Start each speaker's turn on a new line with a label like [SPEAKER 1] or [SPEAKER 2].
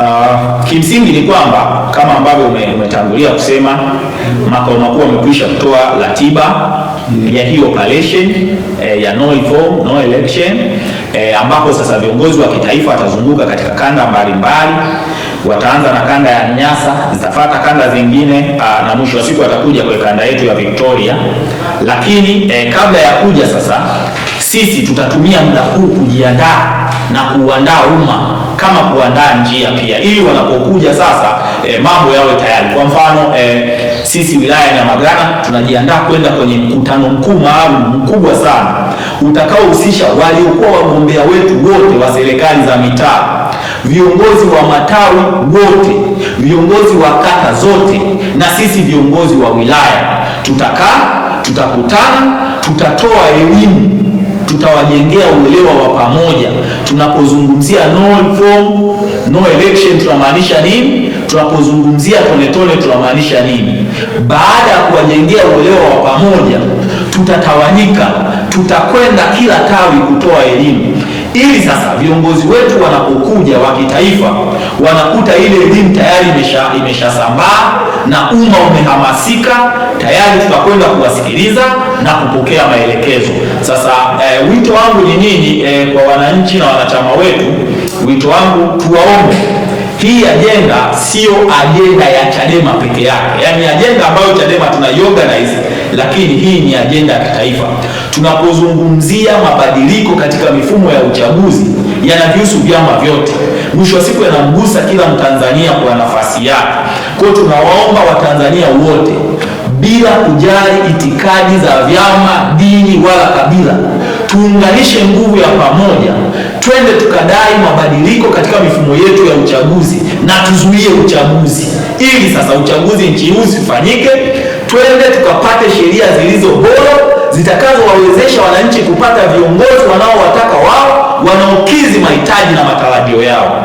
[SPEAKER 1] Ah, kimsingi ni kwamba kama ambavyo umetangulia kusema makao makuu amekwisha kutoa ratiba ya hii operation eh, ya no reform, no election eh, ambapo sasa viongozi wa kitaifa watazunguka katika kanda mbalimbali, wataanza na kanda ya Nyasa, zitafuata kanda zingine uh, na mwisho wa siku watakuja kwa kanda yetu ya Victoria. Lakini eh, kabla ya kuja sasa, sisi tutatumia muda huu kujiandaa na kuandaa umma kama kuandaa njia pia, ili wanapokuja sasa e, mambo yawe tayari. Kwa mfano e, sisi wilaya ya magana tunajiandaa kwenda kwenye mkutano mkuu maalum mkubwa sana utakaohusisha waliokuwa wagombea wetu wote wa serikali za mitaa viongozi wa matawi wote, viongozi wa kata zote, na sisi viongozi wa wilaya tutakaa, tutakutana, tutatoa elimu kuwajengea uelewa wa pamoja. Tunapozungumzia no reform, no election tunamaanisha nini? Tunapozungumzia tone tunamaanisha nini? Baada ya kuwajengea uelewa wa pamoja, tutatawanyika, tutakwenda kila tawi kutoa elimu ili sasa viongozi wetu wanapokuja wa kitaifa wanakuta ile elimu tayari imeshasambaa, na umma umehamasika tayari, tutakwenda kuwasikiliza na kupokea maelekezo. Sasa eh, wito wangu ni nini eh, kwa wananchi na wanachama wetu, wito wangu tuwaombe hii ajenda siyo ajenda ya Chadema peke yake, yaani ajenda ambayo Chadema tuna lakini hii ni ajenda ya kitaifa. Tunapozungumzia mabadiliko katika mifumo ya uchaguzi, yanavihusu vyama vyote, mwisho wa siku yanamgusa kila Mtanzania kwa nafasi yake. Kwa hiyo tunawaomba Watanzania wote bila kujali itikadi za vyama, dini ujumla, tuunganishe nguvu ya pamoja, twende tukadai mabadiliko katika mifumo yetu ya uchaguzi na tuzuie uchaguzi, ili sasa uchaguzi nchi huu usifanyike. Twende tukapate sheria zilizo bora zitakazowawezesha wananchi kupata viongozi wanaowataka wao, wanaokidhi mahitaji na matarajio yao.